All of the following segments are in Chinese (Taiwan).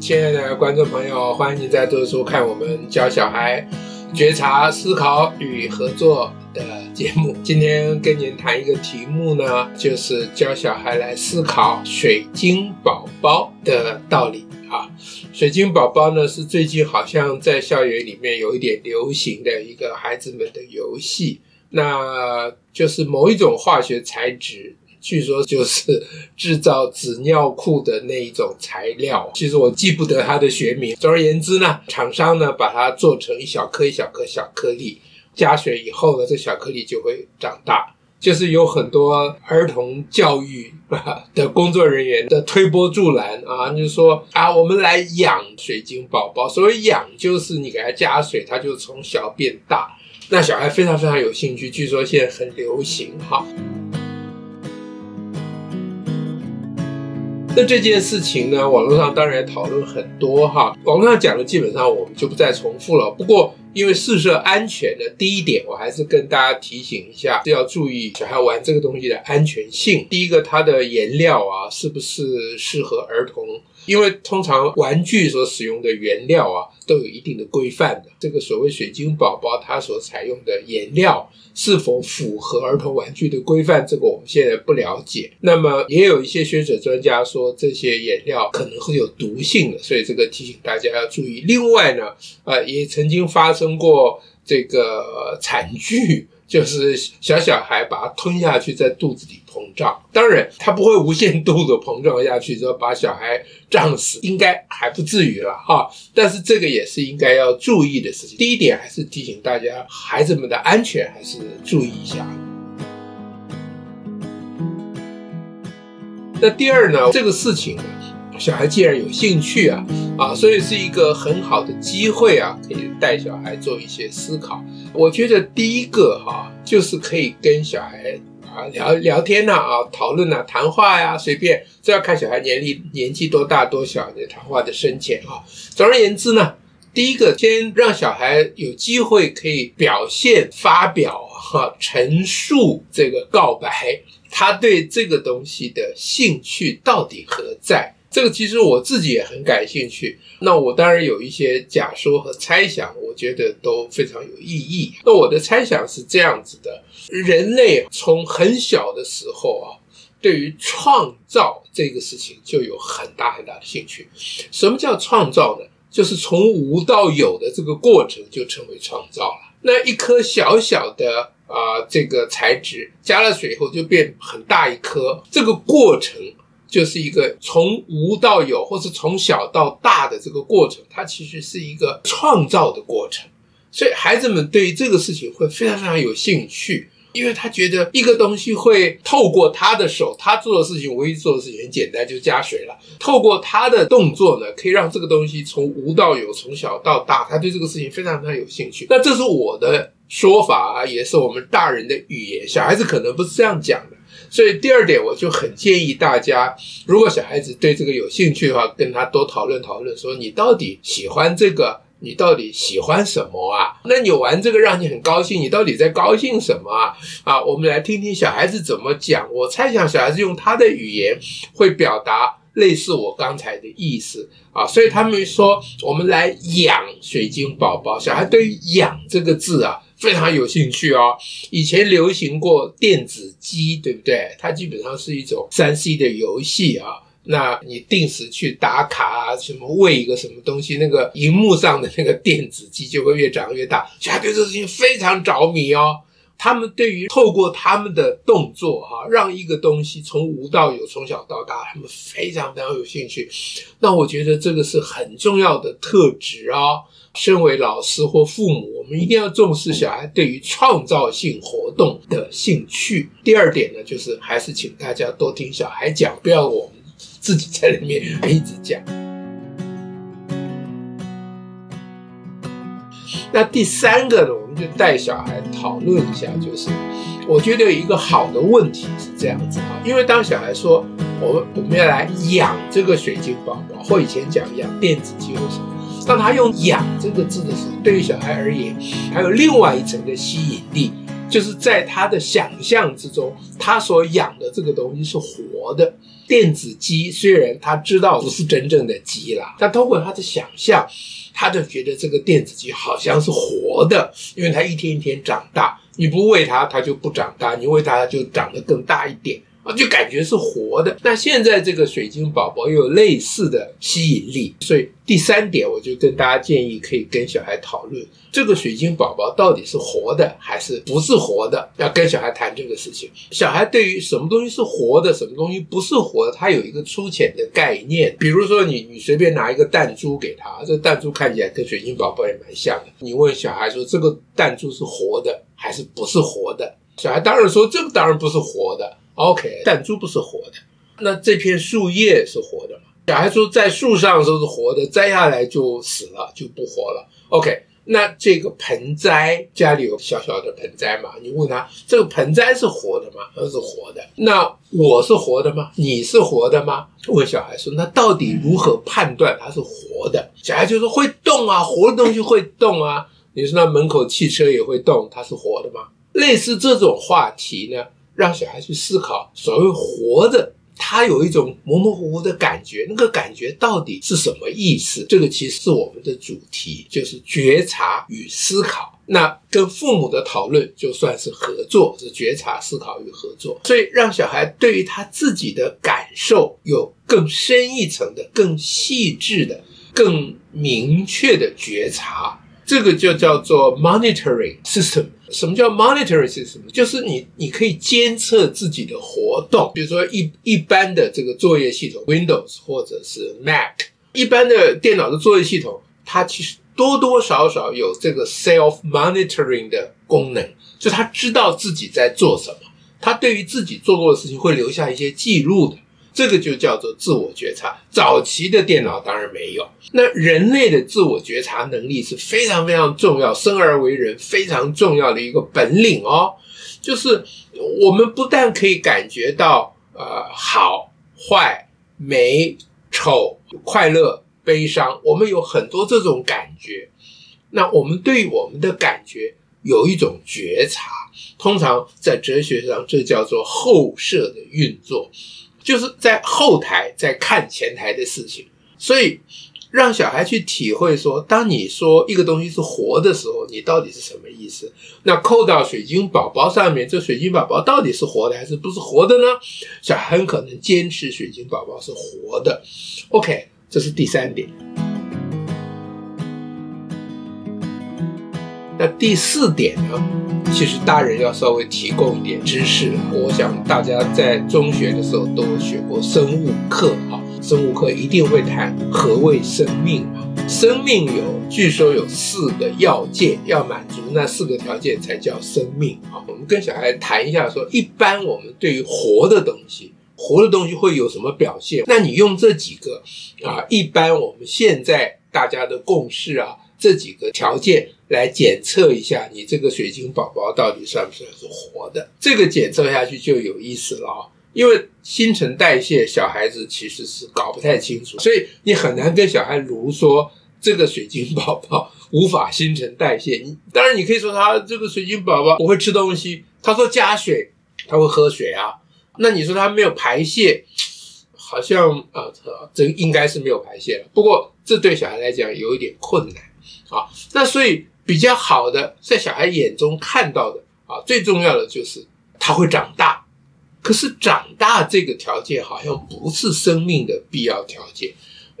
親愛的觀眾朋友，歡迎您再度收看我們教小孩覺察、思考與合作的節目。今天跟您談一個題目呢，就是教小孩來思考水晶寶寶的道理啊。水晶寶寶呢，是最近好像在校園裡面有一點流行的一個孩子們的遊戲，那就是某一種化學材質。據說就是製造紙尿褲的那一種材料，其實我記不得它的學名。總而言之呢，廠商呢把它做成一小顆一小顆小顆小顆粒，加水以後呢，這小顆粒就會長大。就是有很多兒童教育的工作人員的推波助瀾啊，就是說啊，我們來養水晶寶寶。所謂養，就是你給它加水，它就從小變大。那小孩非常非常有興趣，據說現在很流行哈。那這件事情呢，網絡上當然也討論很多哈，網絡上講的基本上我們就不再重複了，不過，因為試射安全的第一點，我還是跟大家提醒一下，是要注意小孩玩這個東西的安全性。第一個，它的顏料啊，是不是適合兒童？因為通常玩具所使用的顏料啊，都有一定的規範的。這個所謂“水晶寶寶”它所採用的顏料是否符合兒童玩具的規範，這個我們現在不了解。那麼，也有一些學者專家說，這些顏料可能會有毒性的，所以這個提醒大家要注意。另外呢，呃，也曾經發生過這個慘劇，就是小小孩把它吞下去，在肚子裡膨脹。當然，它不會無限度的膨脹下去，之後把小孩脹死，應該還不至於了哈。但是這個也是應該要注意的事情。第一點還是提醒大家，孩子們的安全還是注意一下。那第二呢？這個事情。小孩既然有興趣啊，啊，所以是一個很好的機會啊，可以帶小孩做一些思考。我覺得第一個哈、啊，就是可以跟小孩啊聊聊天吶、啊，啊討論吶、啊，談話呀、啊，隨便，這要看小孩年齡年紀多大多小的談話的深淺啊。總而言之呢，第一個先讓小孩有機會可以表現、發表、哈、啊、陳述這個告白，他對這個東西的興趣到底何在？這個其實我自己也很感興趣，那我當然有一些假說和猜想，我覺得都非常有意義。那我的猜想是這樣子的：人類從很小的時候啊，對於創造這個事情就有很大很大的興趣。什麼叫創造呢？就是從無到有的這個過程就稱為創造了。那一顆小小的啊、呃、這個材質加了水以後就變很大一顆，這個過程。就是一個從無到有，或是從小到大的這個過程，它其實是一個創造的過程。所以孩子們對於這個事情會非常非常有興趣，因為他覺得一個東西會透過他的手，他做的事情，唯一做的事情很簡單，就加水了。透過他的動作呢，可以讓這個東西從無到有，從小到大。他對這個事情非常非常有興趣。那這是我的說法啊，也是我們大人的語言，小孩子可能不是這樣講的。所以第二點，我就很建議大家，如果小孩子對這個有興趣的話，跟他多討論討論，說你到底喜歡這個，你到底喜歡什麼啊？那你玩這個讓你很高興，你到底在高興什麼啊？啊，我們來聽聽小孩子怎麼講。我猜想小孩子用他的語言會表達類似我剛才的意思啊。所以他們說，我們來養水晶寶寶。小孩對於“養”這個字啊。非常有興趣哦，以前流行過電子雞，對不對？它基本上是一種三 C 的遊戲啊。那你定時去打卡啊，什麼餵一個什麼東西，那個螢幕上的那個電子雞就會越長越大。他對這事情非常着迷哦。他們對於透過他們的動作、啊，哈，讓一個東西從無到有，從小到大，他們非常非常有興趣。那我覺得這個是很重要的特質哦、啊。身為老師或父母，我們一定要重視小孩對於創造性活動的興趣。第二點呢，就是還是請大家多聽小孩講，不要我們自己在裡面一直講。那第三個呢？就帶小孩討論一下，就是我覺得有一個好的問題是這樣子哈，因為當小孩說“我我們要來養這個水晶寶寶”或以前講養電子雞的時候，當他用“養”這個字的時候，對於小孩而言，還有另外一層的吸引力，就是在他的想象之中，他所養的這個東西是活的。電子雞雖然他知道不是真正的雞啦，但通過他的想象。他就覺得這個電子雞好像是活的，因為它一天一天長大，你不餵它，它就不長大，你餵它就長得更大一點。就感覺是活的，那現在這個水晶寶寶又有類似的吸引力，所以第三點，我就跟大家建議，可以跟小孩討論這個水晶寶寶到底是活的還是不是活的，要跟小孩談這個事情。小孩對於什麼東西是活的，什麼東西不是活的，他有一個粗淺的概念。比如說你，你你隨便拿一個彈珠給他，這彈珠看起來跟水晶寶寶也蠻像的。你問小孩說，這個彈珠是活的還是不是活的？小孩當然說，這個當然不是活的。OK，彈珠不是活的，那這片樹葉是活的嗎？小孩說在樹上都是活的，摘下來就死了，就不活了。OK，那這個盆栽家裡有小小的盆栽嘛？你問他這個盆栽是活的嗎？它是活的。那我是活的嗎？你是活的嗎？問小孩說，那到底如何判斷它是活的？小孩就說會動啊，活的東西會動啊。你說那門口汽車也會動，它是活的嗎？類似這種話題呢？讓小孩去思考，所謂活着，他有一種模模糊糊的感覺，那個感覺到底是什麼意思？這個其實是我們的主題，就是覺察與思考。那跟父母的討論就算是合作，是覺察、思考與合作。所以讓小孩對於他自己的感受有更深一層的、更細緻的、更明確的覺察，這個就叫做 monitoring system。什麼叫 monitoring system？就是你，你可以監測自己的活動。比如說一，一一般的這個作業系統 Windows 或者是 Mac，一般的電腦的作業系統，它其實多多少少有這個 self monitoring 的功能，就它知道自己在做什麼，它對於自己做過的事情會留下一些記錄的。這個就叫做自我覺察。早期的電腦當然沒有。那人類的自我覺察能力是非常非常重要，生而為人非常重要的一個本領哦。就是我們不但可以感覺到呃好壞、美醜、快樂、悲傷，我們有很多這種感覺。那我們對我們的感覺有一種覺察，通常在哲學上這叫做後設的運作。就是在後台在看前台的事情，所以讓小孩去體會說，當你說一個東西是活的時候，你到底是什麼意思？那扣到水晶寶寶上面，這水晶寶寶到底是活的還是不是活的呢？小孩很可能堅持水晶寶寶是活的。OK，這是第三點。那第四點呢？其實大人要稍微提供一點知識，我想大家在中學的時候都學過生物課啊，生物課一定會談何謂生命啊，生命有，據說有四個要件要滿足，那四個條件才叫生命啊。我們跟小孩談一下說，說一般我們對於活的東西，活的東西會有什麼表現？那你用這幾個啊，一般我們現在大家的共識啊。這幾個條件來檢測一下，你這個水晶寶寶到底算不算是活的？這個檢測下去就有意思了啊、哦，因為新陳代謝小孩子其實是搞不太清楚，所以你很難跟小孩如說這個水晶寶寶無法新陳代謝。你當然你可以說他這個水晶寶寶不會吃東西，他說加水他會喝水啊，那你說他沒有排泄，好像呃這應該是沒有排泄了。不過這對小孩來講有一點困難。啊，那所以比較好的，在小孩眼中看到的啊，最重要的就是他會長大。可是長大這個條件好像不是生命的必要條件，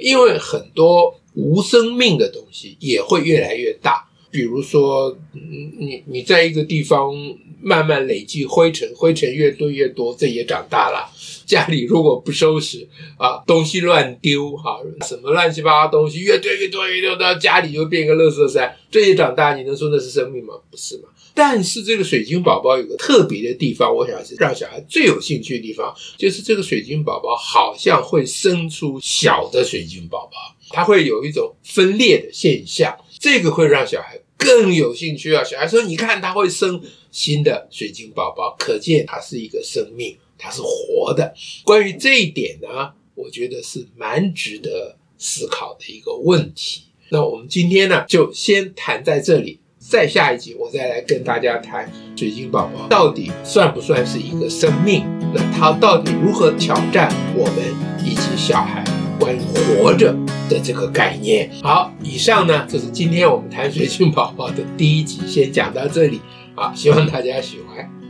因為很多無生命的東西也會越來越大。比如說，嗯，你你在一個地方慢慢累積灰塵，灰塵越多越多，這也長大了。家裡如果不收拾啊，東西亂丟哈、啊，什麼亂七八糟東西越堆越多越丟，到家裡就變個垃圾山。這一長大你能說那是生命嗎？不是嘛。但是這個水晶寶寶有個特別的地方，我想是讓小孩最有興趣的地方，就是這個水晶寶寶好像會生出小的水晶寶寶，它會有一種分裂的現象，這個會讓小孩更有興趣啊！小孩說：“你看，它會生新的水晶寶寶，可見它是一個生命。”它是活的，關於這一點呢，我覺得是蠻值得思考的一個問題。那我們今天呢，就先談在這裡，再下一集我再來跟大家談水晶寶寶到底算不算是一個生命？那它到底如何挑戰我們以及小孩關於活着的這個概念？好，以上呢就是今天我們談水晶寶寶的第一集，先講到這裡。好，希望大家喜歡。